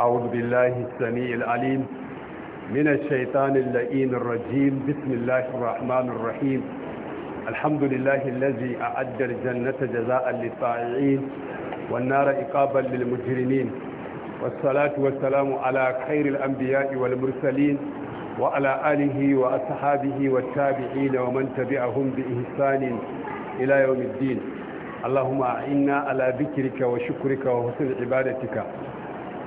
أعوذ بالله السميع العليم من الشيطان اللئين الرجيم بسم الله الرحمن الرحيم الحمد لله الذي أعد الجنة جزاء للطائعين والنار إقابا للمجرمين والصلاة والسلام على خير الأنبياء والمرسلين وعلى آله وأصحابه والتابعين ومن تبعهم بإحسان إلى يوم الدين اللهم أعنا على ذكرك وشكرك وحسن عبادتك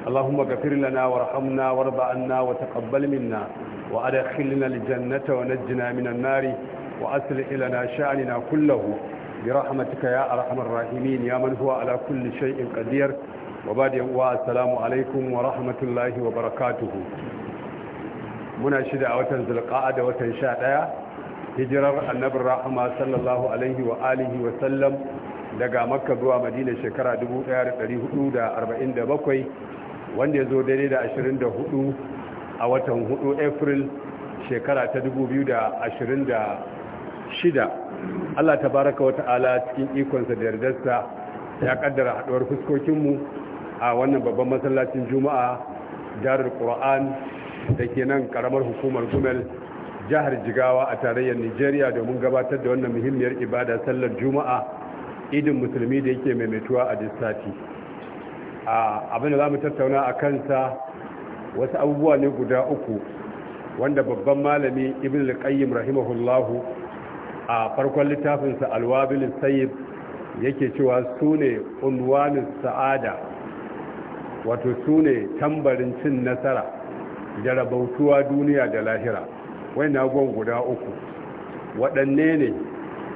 اللهم اغفر لنا وارحمنا وارض عنا وتقبل منا وادخلنا الجنة ونجنا من النار وأسلح لنا شأننا كله برحمتك يا أرحم الراحمين يا من هو على كل شيء قدير وبعد والسلام عليكم ورحمة الله وبركاته muna shida a watan zulqa'a da watan sha ɗaya hijirar annabin rahama sallallahu alaihi wa alihi wa sallam daga makka zuwa madina shekara 1447 wanda ya zo daidai da 24 a watan 4 april shekara ta 2026 allah ta baraka wa ta'ala cikin ikonsa da yardarsa ya kaddara haduwar fuskokinmu a wannan babban masallacin juma'a darar ƙura'an da ke nan karamar hukumar gumel jihar jigawa a tarayyar nigeria domin gabatar da wannan muhimmiyar ibada sallar juma'a idin musulmi da yake maimaituwa a distati abin da za mu tattauna a kansa wasu abubuwa ne guda uku wanda babban malami ibn al rahimahullahu a farkon littafinsa alwabil sayyid yake cewa su ne unwanin sa'ada wato su ne tambarin cin nasara da rabautuwa duniya da lahira wai na guda uku waɗanne ne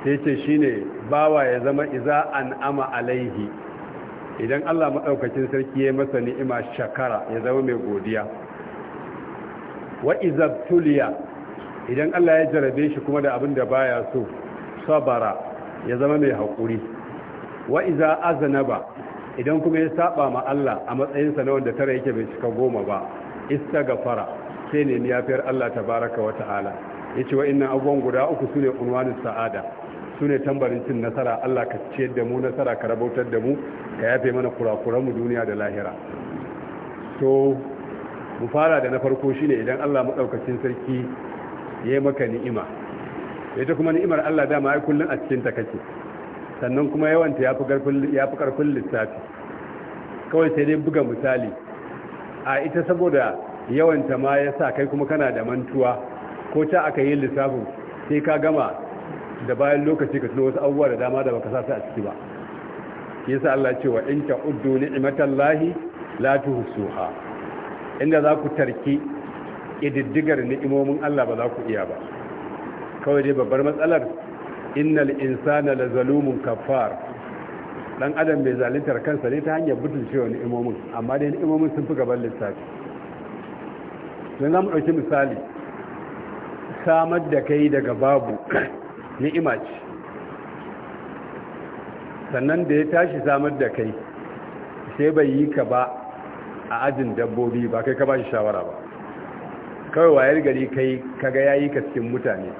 sai ce shi ne bawa ya zama iza an ama alaihi idan Allah maɗaukacin sarki ya masa ni'ima shakara ya zama mai godiya wa izabtuliya idan Allah ya jarabe shi kuma da abin da baya so sabara ya zama mai haƙuri wa'iza azanaba idan kuma ya saba ma Allah a matsayinsa na wanda tara yake bai cika goma ba istaghfara sai ne fiyar Allah ta baraka wa ta'ala yace wa inna abubuwan guda uku sune unwanin sa'ada su ne tambarin cin nasara Allah ka ciyar da mu nasara ka rabautar da mu ka yafe mana kurakuranmu duniya da lahira so mu fara da na farko shine idan Allah maɗaukacin sarki ya maka ni'ima ita kuma ni'imar Allah dama ai kullun a cikin ta sannan kuma yawanta yafi karfin yafi lissafi kawai sai dai buga misali a ita saboda yawanta ma yasa kai kuma kana da mantuwa ko ta aka yi lissafin sai ka gama da bayan lokaci ka tuno wasu abubuwa da dama da baka sa su a ciki ba yasa Allah cewa in ta uddu ni'matallahi la tuhsuha inda za ku tarki kididdigar ni'imomin Allah ba za ku iya ba kawai dai babbar matsalar innal insana la zalumun kafar dan adam mai zalintar kansa ne ta hanyar butulcewa ni'imomin amma dai ni'imomin sun fi gaban lissafi don za mu ɗauki misali samar da kai daga babu ni'ima ce sannan da ya tashi samar da kai sai bai yi ka ba a ajin dabbobi ba kai ka ba shi shawara ba kawai wayar gari kai kaga ya yi ka cikin mutane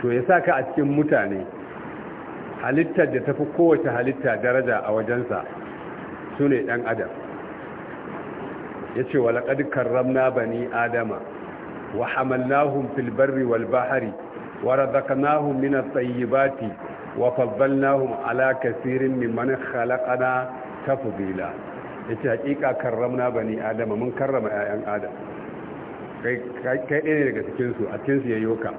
to ya sa ka a cikin mutane halittar da tafi kowace halitta daraja a wajensa su ne ɗan adam ya ce wa ramna bani adama wa hamallahun filbarri walbahari. bahari ورزقناهم من الطيبات وفضلناهم على كثير ممن خلقنا تفضيلا ita hakika karramna bani adama mun karrama ƴaƴan adam kai kai ɗaya daga cikin su a cikin su yayyo ka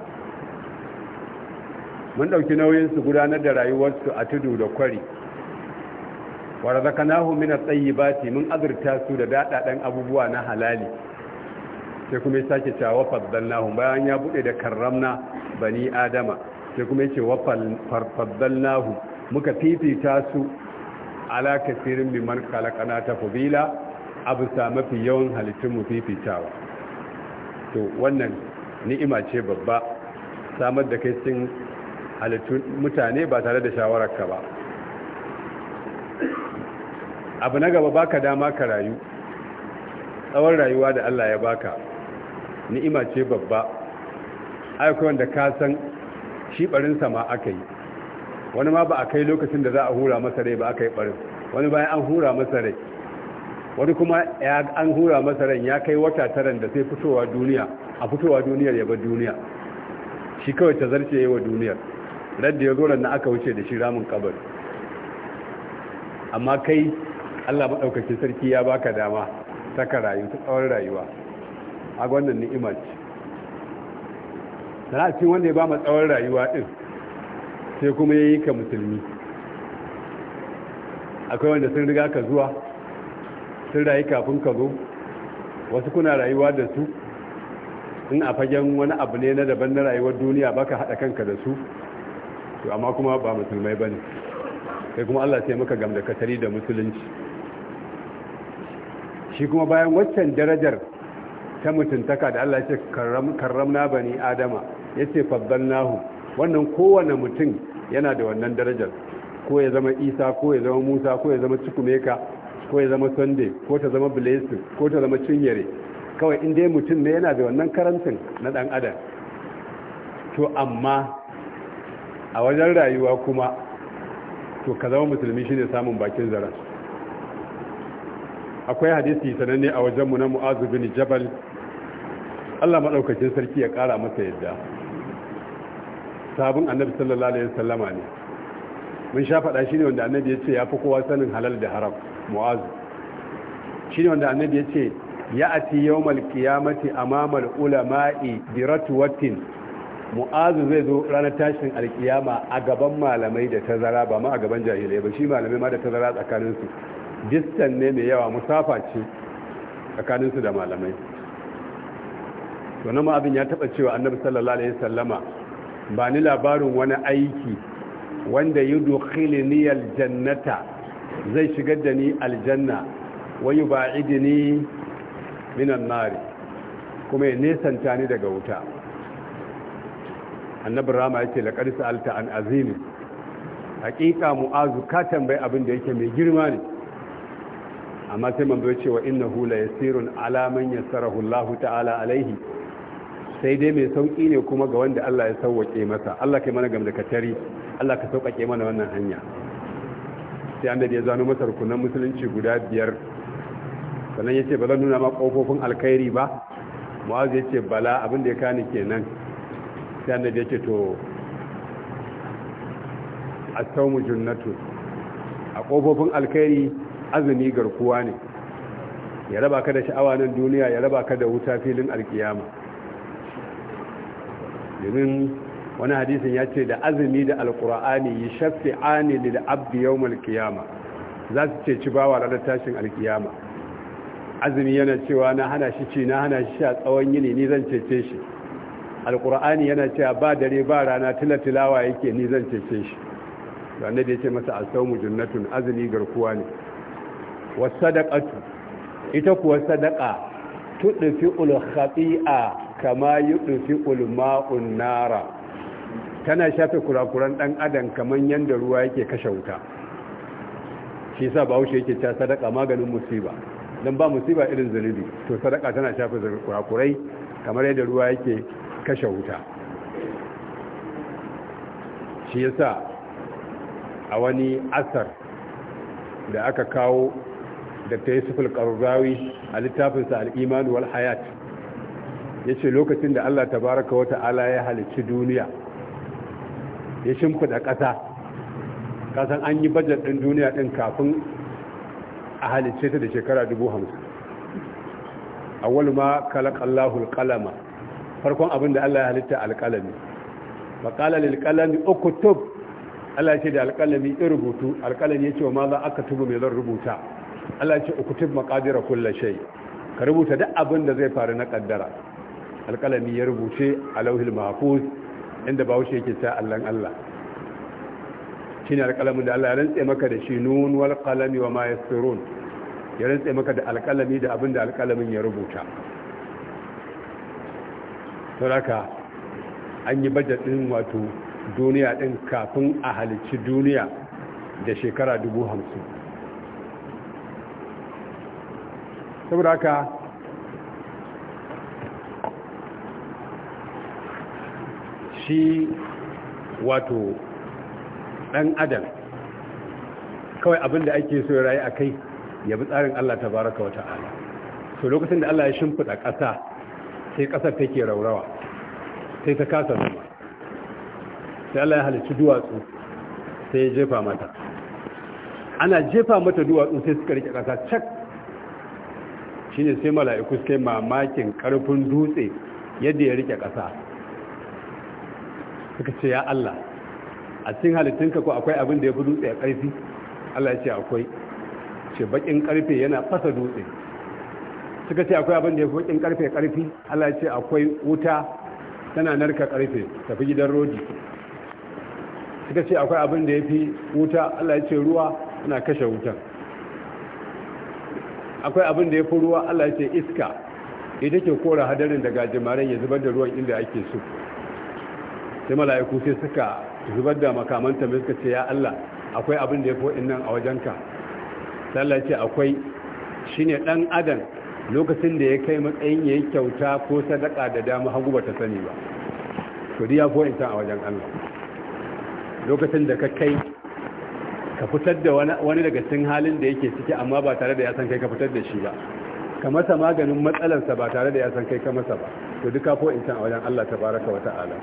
mun dauki nauyin su gudanar da rayuwar su a tudu da kwari wa razaqnahum min at-tayyibati mun azurta su da dadadan abubuwa na halali sai kuma ya sake cewa wa faddalnahum bayan ya bude da karramna bani adama sai kuma yace wa faddalnahum muka fifita su ala kasirin kalakana ta fubila abu sa mafi yawan halittun mu fifitawa to wannan ni'ima ce babba samar da kai cin halittun mutane ba tare da shawararka ba abu na gaba baka dama ka rayu tsawon rayuwa da Allah ya baka ni'ima ce babba aiko wanda ka san shi barin sama aka yi wani ma ba a kai lokacin da za a hura masa ba aka yi barin wani bayan an hura masa wani kuma an hura masa ya kai wata taran da sai fitowa duniya a fitowa duniyar ya bar duniya shi kawai ta zarce yi wa duniyar radda ya zo na aka wuce da shi ramin kabar amma kai Allah maɗaukacin sarki ya baka dama saka rayu ta tsawon rayuwa a wannan ni'imar ce sana cikin wanda ya ba mu tsawon rayuwa ɗin sai kuma ya yi ka musulmi akwai wanda sun riga ka zuwa sun rayu kafin ka zo wasu kuna rayuwa da su in a fagen wani abu ne na daban na rayuwar duniya baka haɗa kanka da su to amma kuma ba musulmai ba ne, sai kuma Allah sai muka gamda katari da musulunci shi kuma bayan waccan darajar ta mutuntaka da Allah ya ce karramna bani adama ya ce faddalnahu wannan kowane mutum yana da wannan darajar ko ya zama isa ko ya zama musa ko ya zama cikumeka ko ya zama sunday ko ta zama blessing ko ta zama cinyere kawai in dai mutum ne yana da wannan karantin na dan adam to amma a wajen rayuwa kuma to ka zama musulmi shine samun bakin zaran akwai hadisi sananne a wajenmu na mu'azu bin jabal Allah maɗaukacin sarki ya ƙara masa yadda sabon annabi sallallahu alaihi wasallama ne mun sha faɗa shi ne wanda annabi ya ce ya fi kowa sanin halal da haram mu'azu shi ne wanda annabi ya ce ya ati yawmal qiyamati amamal ulama'i bi ratwatin mu'azu zai zo ranar tashin alkiyama a gaban malamai da tazara ba ma a gaban jahilai ba shi malamai ma da tazara tsakaninsu distan ne mai yawa musafa ce tsakaninsu da malamai wani abin ya taba cewa annabi sallallahu alaihi sallama ba ni labarin wani aiki wanda yi dukkili ni aljannata zai shigar da ni aljanna wayu ba'idi ni minan nari kuma ya nesanta ni daga wuta annabi rama yake laƙar alta an azimi haƙiƙa mu'azu ka tambayi abin da yake mai girma ne amma sai man bai cewa wa na la yasirun ala man yassarahu Allah ta'ala alaihi sai dai mai sauƙi ne kuma ga wanda Allah ya sauwake masa Allah kai mana gam da katari Allah ka sauƙaƙe mana wannan hanya sai da ya zano masa rukunan musulunci guda biyar sannan ya ce ba zan nuna ma ƙofofin alkhairi ba mu'azu ya ce bala abin da ya kani kenan sai annabi ya ce to a saumu junnatu a ƙofofin alkhairi azumi garkuwa ne ya raba ka da sha'awa nan duniya ya raba ka da wuta filin alkiyama domin wani hadisin ya ce da azumi da alkur'ani yi ani da abdi yau malkiyama za su ce ci bawa ranar tashin alkiyama azumi yana cewa na hana shi ci na hana shi a tsawon yini ni zan cece shi alkur'ani yana cewa ba dare ba rana tilatilawa yake ni zan cece shi da ya ce masa asawmu junnatun azumi garkuwa ne wasadaqatu ita kuwa sadaqa tudfi ul khati'a kama yi ul ma'un nara tana shafe kurakuran dan adam kaman yanda ruwa yake kashe wuta shi sa ba wuce yake ta sadaqa maganin musiba dan ba musiba irin zunubi to sadaqa tana shafe kurakurai kamar yadda ruwa yake kashe wuta shi yasa a wani asar da aka kawo dr yusuf al-qarrawi a littafinsa al-iman wal hayat yace lokacin da Allah tabaraka wa ta'ala ya halicci duniya ya shimfida ƙasa kasan an yi bajet ɗin duniya ɗin kafin a halicce ta da shekara 50 awwalu ma khalaqa Allahu al-qalama farkon abin da Allah ya halitta al-qalami fa qala lil-qalami uktub Allah ya ce da al-qalami rubutu al-qalami yace wa ma za aka tubu mai zan rubuta Allah ce ukutub maqadira kulli shay ka rubuta duk abin da zai faru na kaddara alƙalami ya rubuce a lauhil mahfuz inda wuce yake ta Allah Allah shine alƙalamin da Allah ya rantsa maka da shi nun wal qalami wa ma yasirun ya rantsa maka da alƙalami da abin da alƙalamin ya rubuta saboda an yi budget din wato duniya din kafin a halicci duniya da shekara dubu hamsin saboda haka shi wato ɗan adam kawai abin da ake so rayu a kai ya bi tsarin Allah ta baraka wata ala so lokacin da Allah ya shimfiɗa ƙasa sai ƙasar take raurawa sai ta kasa zama sai Allah ya halicci duwatsu sai ya jefa mata ana jefa mata duwatsu sai suka rike ƙasa cak shine sai mala'iku sai mamakin karfin dutse yadda ya rike ƙasa suka ce ya Allah a cikin halittunka ko akwai abin da ya fi dutse a ƙarfi Allah ya ce akwai ce bakin ƙarfe yana fasa dutse suka ce akwai abin da ya fi bakin ƙarfe ƙarfi Allah ya ce akwai wuta tana narka ƙarfe tafi gidan rodi suka ce akwai abin da ya fi wuta Allah ya ce ruwa tana kashe wutan akwai abin da ya fi ruwa Allah ce iska ita ke kora hadarin daga gajimaren ya zubar da ruwan inda ake so sai mala'iku sai suka zubar da makamanta mai suka ce ya Allah akwai abin da ya fi nan a wajenka Allah ya ce akwai shine ɗan adam lokacin da ya kai matsayin ya yi kyauta ko sadaka da dama hagu ba ta sani ba to ya fi in a wajen Allah lokacin da ka kai ka fitar da wani daga cikin halin da yake ciki amma ba tare da ya san kai ka fitar da shi ba ka masa maganin matsalarsa ba tare da ya san kai ka masa ba to duka ko insan a wajen Allah baraka wa ta'ala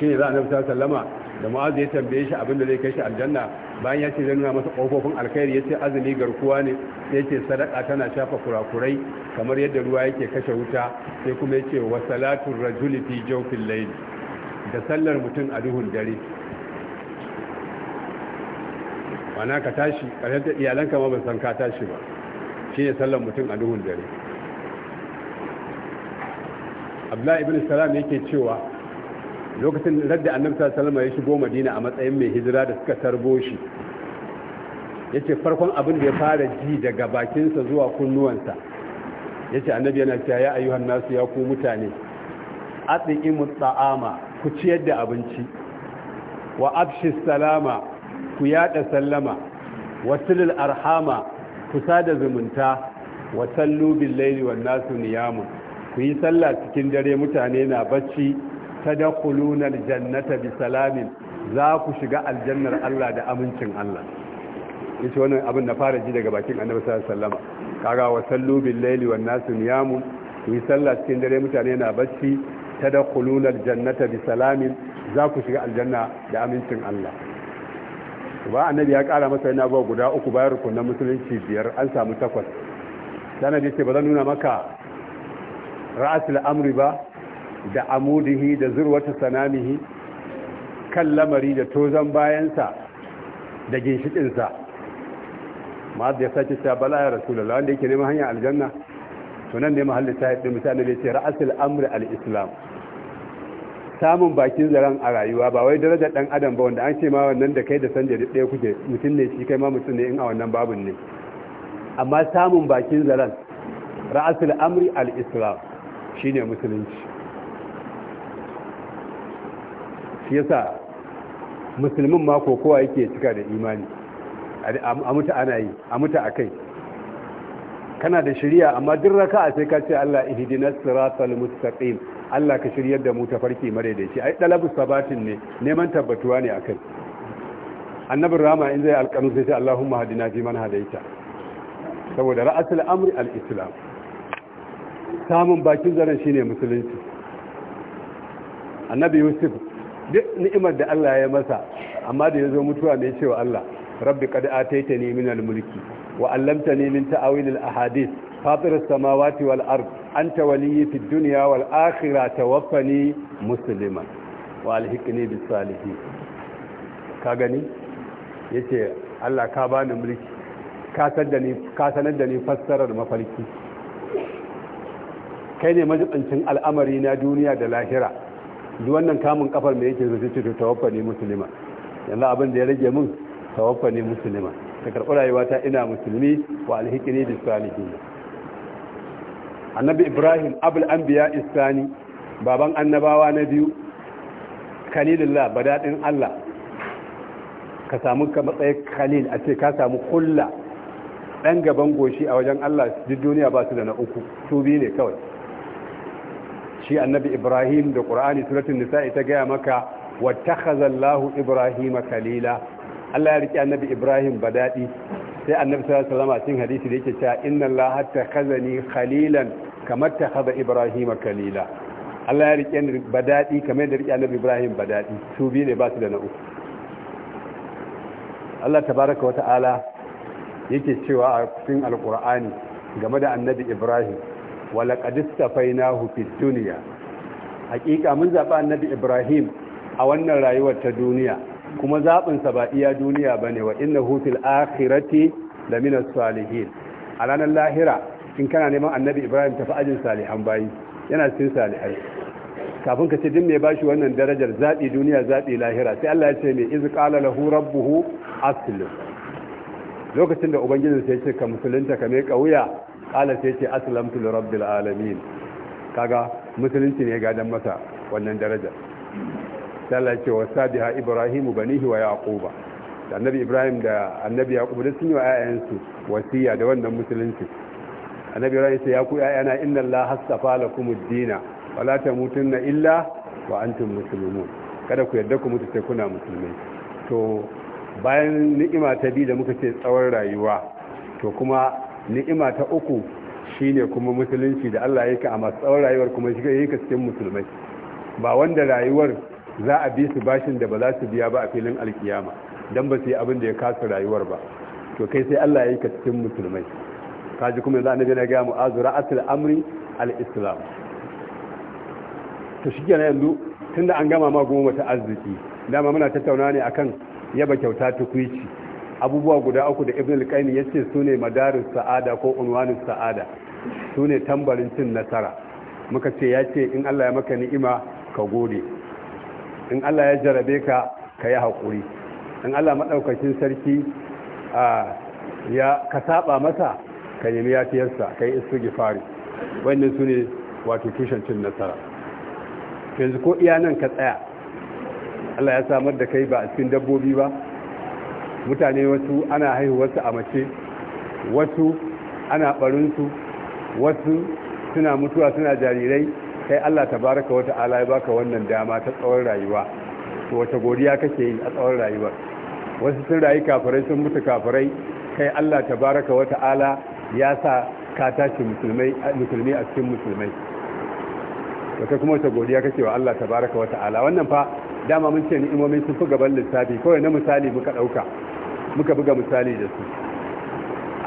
shi ne za a nafsa sallama da mu'azu ya tambaye shi abin da zai kai shi aljanna bayan ya ce zai nuna masa ƙofofin alkhairi ya ce azumi garkuwa ne sai ya sadaka tana shafa kurakurai kamar yadda ruwa yake kashe wuta sai kuma ya ce wa salatun rajuli fi jawfin layl da sallar mutum a duhun dare ma'ana ka tashi ƙarshen da iyalanka ma ban san ka tashi ba shi ne sallan mutum a duhun dare abdullahi ibn salam yake cewa lokacin radda annabi sallallahu alaihi ya shigo madina a matsayin mai hijira da suka tarbo shi yace farkon abin da ya fara ji daga bakinsa zuwa kunnuwansa yace annabi yana cewa ya ayyuhan nasu ya ku mutane atqimu ta'ama ku ciyar da abinci wa abshi salama ku yada sallama wasilil arhama ku sada zumunta wa sallu bil laili wan nasu niyamun ku yi sallah cikin dare mutane na bacci tadkhuluna al jannata bi salamin za ku shiga aljannar Allah da amincin Allah yace wannan abin na fara ji daga bakin Annabi sallallahu alaihi wasallam kaga wa sallu bil laili wan nasu niyamun ku yi sallah cikin dare mutane na bacci tadkhuluna al jannata bi salamin za ku shiga aljanna da amincin Allah ba annabi ya kara masa yana ba guda uku bayan rukunan musulunci biyar an samu takwas sanadi ce ba zan nuna maka ra'asul amri ba da amudihi da zurwata sanamihi kan lamari da tozan bayansa da ginshikinsa ma da ya sake ta bala ya rasulullah wanda yake neman hanyar aljanna to nan ne mahallin sahib din mutane ne ce ra'asul amri al-islam samun bakin zaren a rayuwa ba wai darajar dan adam ba wanda an ce ma wannan da kai da san da ɗaya kuke mutum ne shi kai ma mutum ne in a wannan babin ne amma samun bakin zaren ra'asul amri al-islam shine musulunci shi yasa musulmin ma kowa yake cika da imani a mutu ana yi a mutu a kai kana da shirya amma duk raka'a sai ka ce Allah ihdinas siratal mustaqim Allah ka shiryar da mu ta farki shi. ai dalabu sabatin ne neman tabbatuwa ne akai Annabi rama in zai alƙanu sai ce Allahumma hadina fi man hadaita saboda ra'asul amri al-islam samun bakin zaren shine musulunci annabi yusuf duk ni'imar da Allah ya masa amma da yazo mutuwa mai cewa Allah rabbi qad ataitani min al-mulki wa 'allamtani min ta'awil al-ahadith فاطر السماوات والأرض أنت ولي في الدنيا والآخرة توفني مسلما والهكني بالصالحين كاغني yace Allah ka bani mulki ka sanar da ni fassarar mafarki kai ne majibancin al'amari na duniya da lahira duk wannan kamun kafar me yake zuci to tawaffani musulma yanzu abin da ya rage mun tawaffani musulma ka karɓi rayuwata ina musulmi wa alhikini bis annabi ibrahim abul anbiya isani baban annabawa na biyu kalilullah badadin allah ka samu ka matsayin kalil a ce ka samu kulla dan gaban goshi a wajen allah duk duniya ba su da na uku su biyu ne kawai shi annabi ibrahim da ƙur'ani suratun nisa'i ta gaya maka wata ibrahima ibrahim kalila allah ya riƙe annabi ibrahim badadi sai annabi sallallahu alaihi wasallam a cikin hadisi da yake cewa inna allaha takhazani khalilan kama takhadha ibrahima khalila Allah ya rike ni badadi kamar da rike annabi ibrahim badadi su bi ne ba su da na uku Allah tabaraka wa ta'ala yake cewa a cikin alqur'ani game da annabi ibrahim wa laqad istafainahu fid dunya hakika mun zaba annabi ibrahim a wannan rayuwar ta duniya kuma zaɓinsa ba iya duniya ba ne wa ina hufil akhirati da minas salihin a ranar lahira in kana neman annabi ibrahim tafi ajin salihan bayi yana cikin salihai kafin ka ce din mai shi wannan darajar zaɓi duniya zaɓi lahira sai Allah ya ce mai izu ƙala lahu rabbuhu aslim lokacin da ubangijin sai ce ka musulunta ka mai ƙauya, ƙala sai ce asilamtul rabbil alamin kaga musulunci ne gadon masa wannan darajar sai Allah ce wa sabiha ibrahimu banihi wa yaquba da annabi ibrahim da annabi yaqub da sun yi wa ƴaƴansu wasiya da wannan musulunci annabi ibrahim sai ya ku ƴaƴana inna allaha hasafa lakum ad-dina wa la tamutunna illa wa antum muslimun kada ku yadda ku mutu sai kuna musulmai to bayan ni'ima ta bi da muka ce tsawon rayuwa to kuma ni'ima ta uku shine kuma musulunci da Allah yake a masu tsawon rayuwar kuma shi yake cikin musulmai ba wanda rayuwar za a bi su bashin da ba za su biya ba a filin alkiyama don ba su yi abin da ya kasa rayuwar ba to kai sai Allah ya yi ka cikin musulmai kaji kuma za a na ga mu'azu ra'atul amri al-islam to shi kenan yanzu tunda an gama ma goma wata arziki dama muna tattauna ne akan yaba kyauta tukwici abubuwa guda uku da ibn ya ce yace sune madarin sa'ada ko unwanin sa'ada ne tambarin cin nasara muka ce ya ce in Allah ya maka ni'ima ka gode in Allah ya jarabe ka ka yi haƙuri in Allah maɗaukacin sarki ya ka saba masa ka nemi yafiyarsa ka yi gifari wannan su ne wato tushen nasara yanzu ko iya nan ka tsaya Allah ya samar da kai ba a cikin dabbobi ba mutane wasu ana haihuwarsu a mace wasu ana barinsu wasu suna mutuwa suna jarirai kai Allah tabaraka wa ta'ala ya baka wannan dama ta tsawon rayuwa wata godiya kake yi a tsawon rayuwa wasu sun rayu kafirai sun mutu kafirai kai Allah tabaraka wa ta'ala ya sa ka tashi musulmai musulmi a cikin musulmai wata kuma wata godiya kake wa Allah tabaraka wa ta'ala wannan fa dama mun ce ni'imomi sun fi gaban lissafi kawai na misali muka dauka muka buga misali da su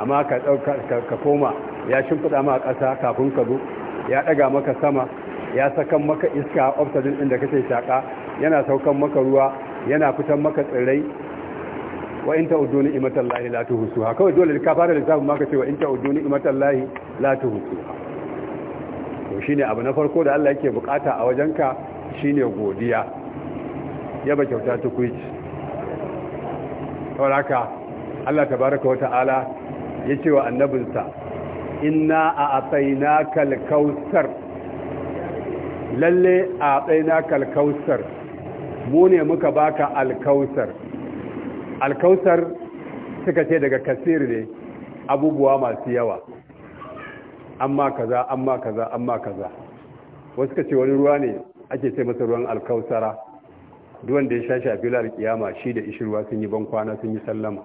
amma ka dauka ka koma ya shimfiɗa ma ƙasa kafin ka zo ya ɗaga maka sama ya sakan maka iska oxygen din da kake shaka yana saukan maka ruwa yana fitan maka tsirrai wa in ta'uddu imatallahi la tuhsuha kawai dole ka fara lissafin maka cewa in ta'uddu imatallahi la tuhsuha to shine abu na farko da Allah yake bukata a wajenka shine godiya yaba kyauta tukuici haka Allah tabaraka wa ta'ala ya ce wa annabinsa inna a kautsar lalle a tsaina kalkausar mu ne muka baka alkausar alkausar suka ce daga kasir ne abubuwa masu yawa amma kaza amma kaza amma kaza wasu ka ce wani ruwa ne ake ce masa ruwan alkausara duwanda ya sha shafi lal kiyama shi da ishirwa sun yi bankwana sun yi sallama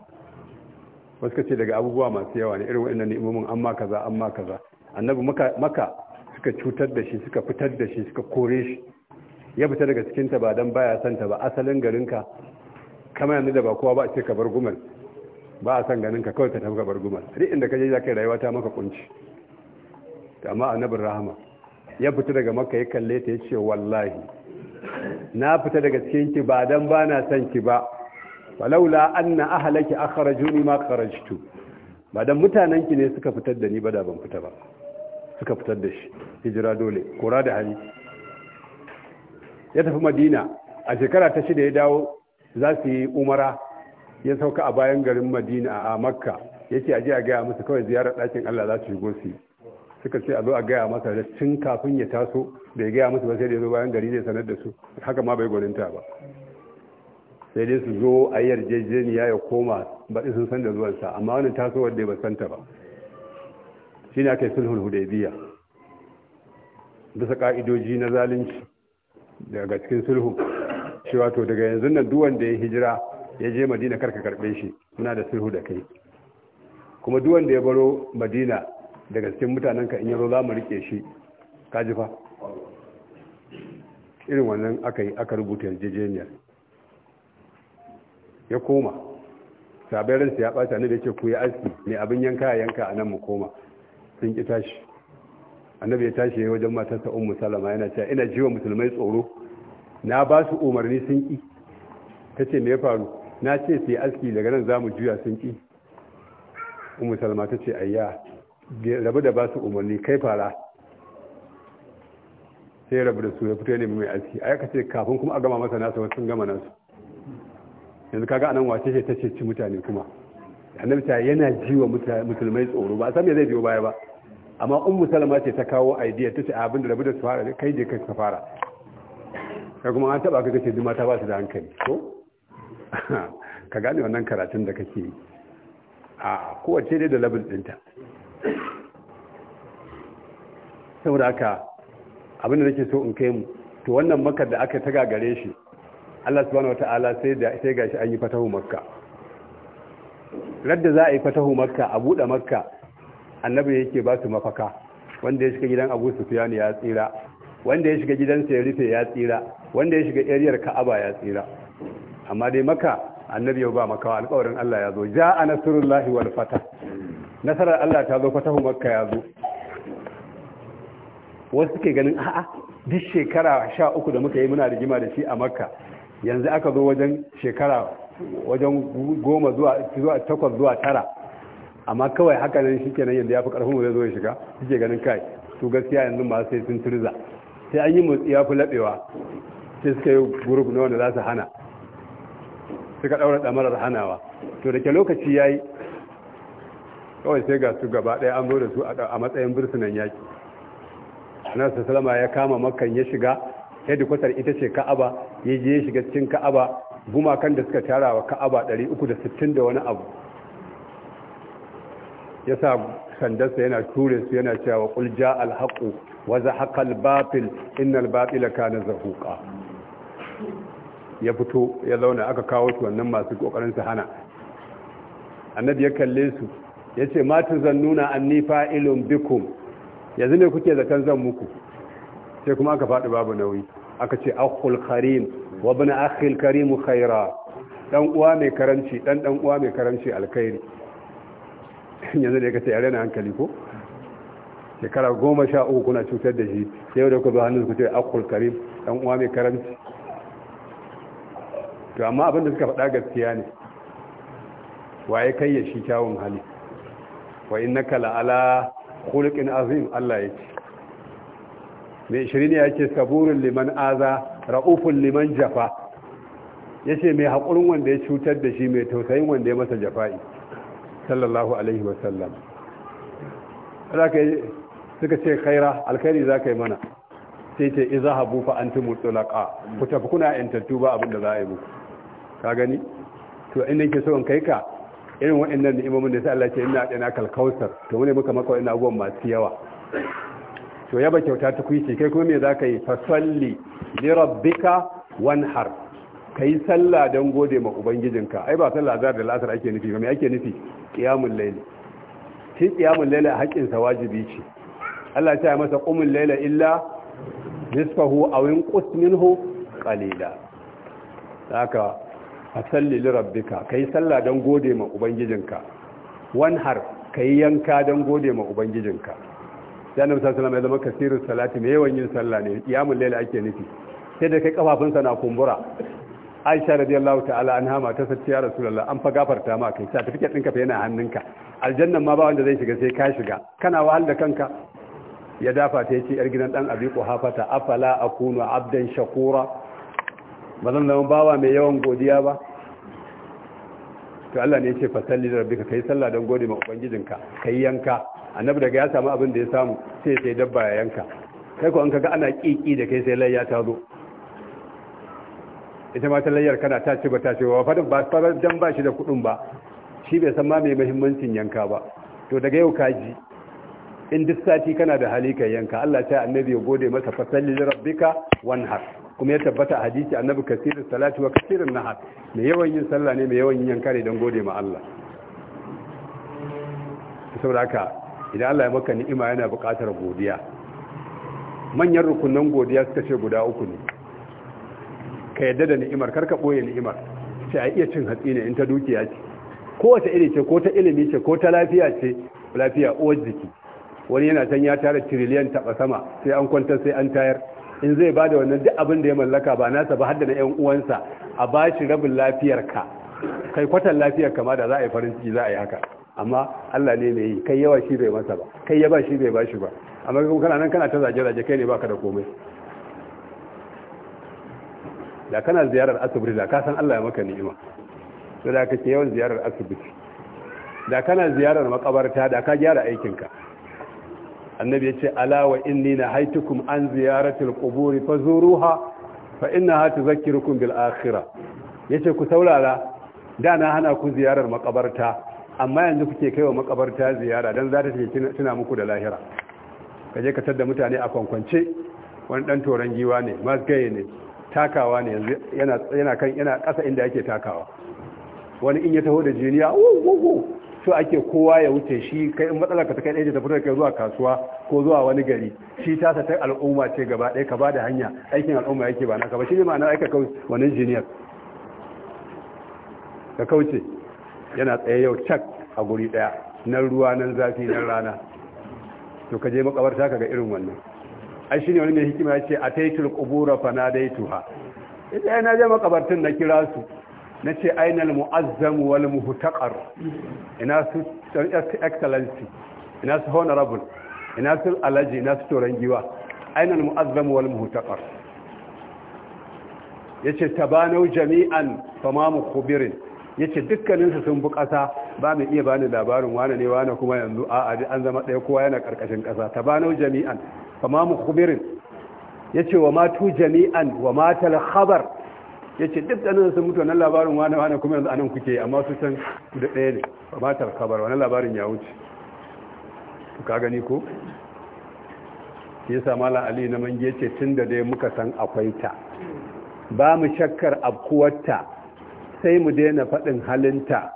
wasu ka ce daga abubuwa masu yawa ne irin ne ni'imomin amma kaza amma kaza annabi maka suka cutar da shi suka fitar da shi suka kore shi ya fita daga cikinta ba don baya ta ba asalin garinka kama yanzu da ba kowa ba a ce ka bar gumal ba a san ka kawai ka tafi ka bar gumal duk inda ka je za ka rayuwa ta maka kunci amma annabin rahama ya fita daga maka ya kalle ta ya ce wallahi na fita daga cikin ki ba dan ba na san ki ba walaula anna ahlaki akhrajuni ma kharajtu ba dan mutanen ki ne suka fitar da ni ba da ban fita ba suka fitar da shi hijira dole kora da hali ya tafi madina a shekara ta shida ya dawo za su yi umara ya sauka a bayan garin madina a makka ya ce aje a gaya masa kawai ziyarar ɗakin allah za su shigo su suka ce a zo a gaya masa da cin kafin ya taso da ya gaya musu ba sai da ya zo bayan gari zai sanar da su haka ma bai gwaninta ba sai dai su zo a yarjejeniya ya koma ba sun san da zuwansa amma wani tasowar da ba santa ba Shin ne ake sulhun hudaybiya bisa ka'idoji na zalunci daga cikin sulhu shi wato daga yanzu nan duk wanda ya hijira ya je madina karka karbe shi muna da sulhu da kai kuma duk wanda ya baro madina daga cikin mutanen ka in yaro za mu rike shi ka ji fa irin wannan aka yi aka rubuta yarjejeniyar ya koma sabai ransa ya bata ne da ce ku yi aski mai abin yanka yanka a nan mu koma sun ƙi tashi annabi ya tashi wajen matarsa ummu salama yana cewa ina jiwa musulmai tsoro na ba su umarni sun ta ce me ya faru na ce sai aski daga nan za mu juya sun ki ummu salama ce ayya rabu da ba su umarni kai fara sai rabu da su ya fito ne mai aski a yaka ce kafin kuma a gama masa nasa wasu sun gama nasu yanzu kaga anan wace ce ta ce ci mutane kuma annabi ta yana jiwa musulmai tsoro ba a san me zai biyo baya ba amma ummu salama ce ta kawo idea ta ce abin da rabu da su fara kai je kai ka fara ka kuma an taba ka kace duma ta ba su da hankali ko ka gane wannan karatun da kake yi a kowace dai da labin dinta saboda haka abin da nake so in kai mu to wannan makar da aka ta gagare shi Allah subhanahu wataala sai da sai gashi an yi fatahu makka radda za a yi fatahu makka a buɗe makka annabi yake ba su mafaka wanda ya shiga gidan abu sufyan ya tsira wanda ya shiga gidan sayarife ya tsira wanda ya shiga eriyar ka'aba ya tsira amma dai maka annabi yau ba makawa alƙawarin Allah ya zo ja'a lahi wal fata nasarar Allah ta zo fatahu makka ya zo wasu ke ganin a'a duk shekara sha uku da muka yi muna rigima da shi a makka yanzu aka zo wajen shekara wajen goma zuwa takwas zuwa tara amma kawai haka nan shi kenan yadda ya fi karfin mu zai zo ya shiga suke ganin kai su gaskiya yanzu ba sai sun turza sai an yi motsi ya fi laɓewa sai suka yi guruf na wanda za su hana suka ɗaura ɗamarar hanawa to da ke lokaci ya yi kawai sai ga su gaba ɗaya an da su a matsayin birsunan yaƙi su salama ya kama makan ya shiga hedikwatar ita ce ka'aba ya je ya shiga cikin ka'aba gumakan da suka tara wa ka'aba 360 da wani abu ya sa sandarsa yana ture su yana cewa wa jaa al haqu wa zahaqa al batil ka na zahuƙa. ya fito ya zauna aka kawo su wannan masu ƙoƙarin su hana annabi ya kalle su zan nuna an nifa fa'ilun bikum yanzu ne kuke zaton zan muku sai kuma aka faɗi babu nauyi aka ce akhul karim wa ibn akhil karim khaira dan uwa mai karanci dan dan uwa mai karanci alkhairi yanzu da ka ce yare na hankali ko shekara goma sha uku kuna cutar da shi sai yau da kuma hannun ku ce akul karim ɗan uwa mai karanci to amma abin da suka faɗa gaskiya ne waye kai ya shi kyawun hali wa na kala Ala kulikin azim Allah ya ce mai shirin ya ce saburin liman aza ra'ufin liman jafa ya ce mai haƙurin wanda ya cutar da shi mai tausayin wanda ya masa jafa'i sallallahu alaihi wasallam suka ce khaira alkhairi za mana sai ce iza fa an tumu ku tafi kuna yantattu ba abinda za a yi muku ka gani to in nake so in kai ka irin waɗannan ni'imomin da sai Allah ce ina ɗana kalkausar to mune muka maka ina abuwan masu yawa to yaba kyauta ta kuici kai kuma me za ka yi li rabbika wanhar kai sallah don gode ma ubangijinka ai ba sallah azhar da al'asr ake nufi ba me ake nufi Ƙiyamun laili shi ƙiyamun laili a sa wajibi ce Allah yi masa ƙumin layla illa nisfahu aw inqus ƙalila ta haka a salli li ka yi sallah don gode ma ubangijinka ka yi yanka don gode ma ubangijinka sai annabi sallallahu mai zama kasirin salati mai yawan yin sallah ne qiyamul laili ake nufi sai da kai kafafunsa na kumbura aisha radiyallahu ta'ala anha mata ta sace ya rasulullah an fa gafarta ma kai din ɗinka fa yana hannunka aljannan ma ba wanda zai shiga sai ka shiga kana wahal da kanka ya dafa ta yace yar gidan dan abi hafata afala akunu abdan shakura ba zan zama bawa mai yawan godiya ba to Allah ne yace fa salli rabbika kai sallah don gode ma ubangijinka kai yanka annabi daga ya samu abin da ya samu sai sai dabba ya yanka kai ko an kaga ana kiki da kai sai layya ta zo ita ma ta layyar kana ta ce ba ta ce ba fadin ba farar dan ba shi da kudin ba shi bai san ma mai muhimmancin yanka ba to daga yau kaji in duk sati kana da hali ka yanka Allah ta annabi ya gode masa fasalli li rabbika wanhar kuma ya tabbata a hadisi annabi kasirin salatu wa kasirin nahar mai yawan yin sallah ne mai yawan yin yanka ne don gode ma Allah saboda haka idan Allah ya maka ni'ima yana buƙatar godiya manyan rukunan godiya suka ce guda uku ne ka yadda da ni'imar karka ɓoye ni'imar ce a iya cin hatsi ne in ta dukiya ce kowace iri ce ko ta ilimi ce ko ta lafiya ce lafiya uwar jiki wani yana can ya tara tiriliyan taɓa sama sai an kwanta sai an tayar in zai ba da wannan duk abin da ya mallaka ba nasa ba haddana yan uwansa a ba shi rabin ka kai kwatan lafiyar kama da za a yi farin ciki za a yi haka amma Allah ne mai yi kai yawa shi bai masa ba kai ya ba shi bai ba shi ba amma kuma kana nan kana ta zaje-zaje kai ne baka da komai da kana ziyarar asibiti da ka san Allah ya maka ni'ima to da kake yawan ziyarar asibiti da kana ziyarar makabarta da ka gyara aikinka annabi ya ce ala wa inni haitukum an ziyaratil quburi fazuruha fa innaha tuzakkirukum bil akhirah yace ku saurara da na hana ku ziyarar makabarta amma yanzu kuke kaiwa makabarta ziyara dan za ta tuna muku da lahira kaje ka tada mutane a kwankwance wani dan toran giwa ne masgaye ne takawa ne yana kan yana ƙasa inda yake takawa wani in ya taho da jiniya wuwu so ake kowa ya wuce shi kai in matsalar ka ta kai ɗaya ta fito kai zuwa kasuwa ko zuwa wani gari shi tasa ta al'umma ce gaba ɗaya ka ba da hanya aikin al'umma yake ba naka ba shi ne ma'ana aika kawai wani jiniyar ka kauce yana tsaye yau cak a guri ɗaya nan ruwa nan zafi nan rana to ka je makabarta ka ga irin wannan ai shine wani mai hikima ya ce ataitul qubura fa nadaituha idan ai na je makabartin na kira su na ce ainal mu'azzam wal muhtaqar ina su excellency ina su honorable ina su alaji ina su toran giwa ainal mu'azzam wal muhtaqar yace banau jami'an famamu khubirin yace dukkaninsu sun bu ƙasa ba mu iya bani labarin wane ne wane kuma yanzu a an zama ɗaya kowa yana ƙarƙashin ƙasa ta banau jami'an tamamu khubirin yace wa matu jami'an wa matal khabar yace duk da nan sun mutu wannan labarin wani wani kuma yanzu anan kuke amma su san da ɗaya ne wa matal khabar wannan labarin ya wuce ka gani ko yasa mala ali na mange yace tunda dai muka san akwai ta ba mu shakkar abkuwarta sai mu daina faɗin halinta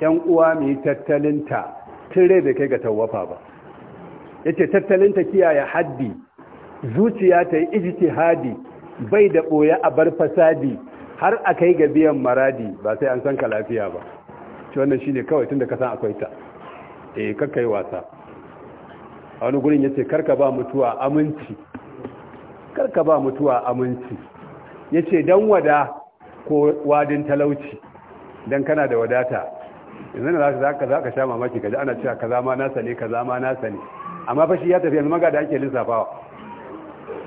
‘yan uwa mu yi tattalinta tun rai da kai ga tawafa ba yace tattalin ta kiyaye haddi zuciya ta yi ijtihadi bai da boye a bar fasadi har a kai ga biyan maradi ba sai an san ka lafiya ba ci wannan shine kawai tunda ka san akwai ta eh kakkai wasa a wani gurin yace karka ba mutuwa aminci karka ba mutuwa aminci yace dan wada ko wadin talauci dan kana da wadata yanzu na za ka sha mamaki kaji ana cewa kaza ma nasa ne kaza ma nasa ne amma fa ya tafi yanzu maga da ake lissafawa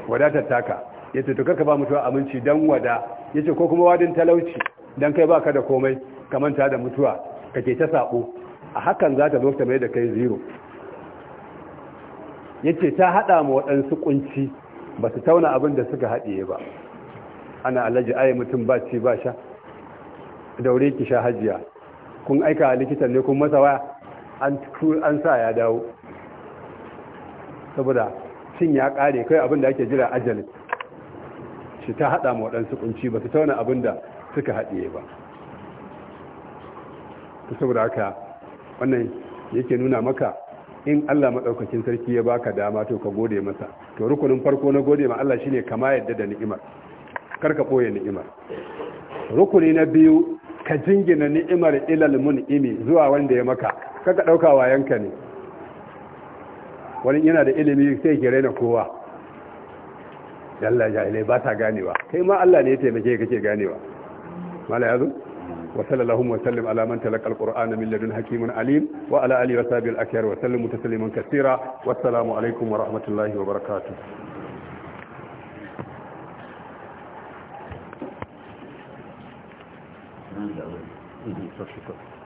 wadatar taka ya ce to karka ba mutuwa aminci don wada ya ce ko kuma wadin talauci don kai ka da komai ka manta da mutuwa kake ta sabo a hakan za ta zo ta mai da kai zero ya ce ta haɗa ma waɗansu ƙunci ba su tauna abin da suka haɗiye ba ana alaji ayi mutum ba ci ba sha daure ki sha hajiya kun aika a likitan ne kun masa waya an sa ya dawo saboda cin ya ƙare kai abin da ake jira ajalin shi ta hada ma waɗansu kunci ba su tauna abin da suka haɗiye ba saboda haka wannan yake nuna maka in Allah maɗaukakin sarki ya baka dama to ka gode masa to rukunin farko na gode ma Allah shine kama yadda da ni'imar kar ka ɓoye ni'imar rukuni na biyu ka jingina ni'imar ilal mun imi zuwa wanda ya maka kaka ɗauka wayanka ne wani yana da ilimi sai ke raina kowa yalla jahilai ba ta ganewa kai ma Allah ne ya taimake kake ganewa mala yazo wa sallallahu wa sallam ala man talaqa alqur'ana min ladun hakimin alim wa ala alihi wa sahbihi al-akhyar wa sallimu tasliman wa assalamu alaikum wa rahmatullahi wa barakatuh Thank you.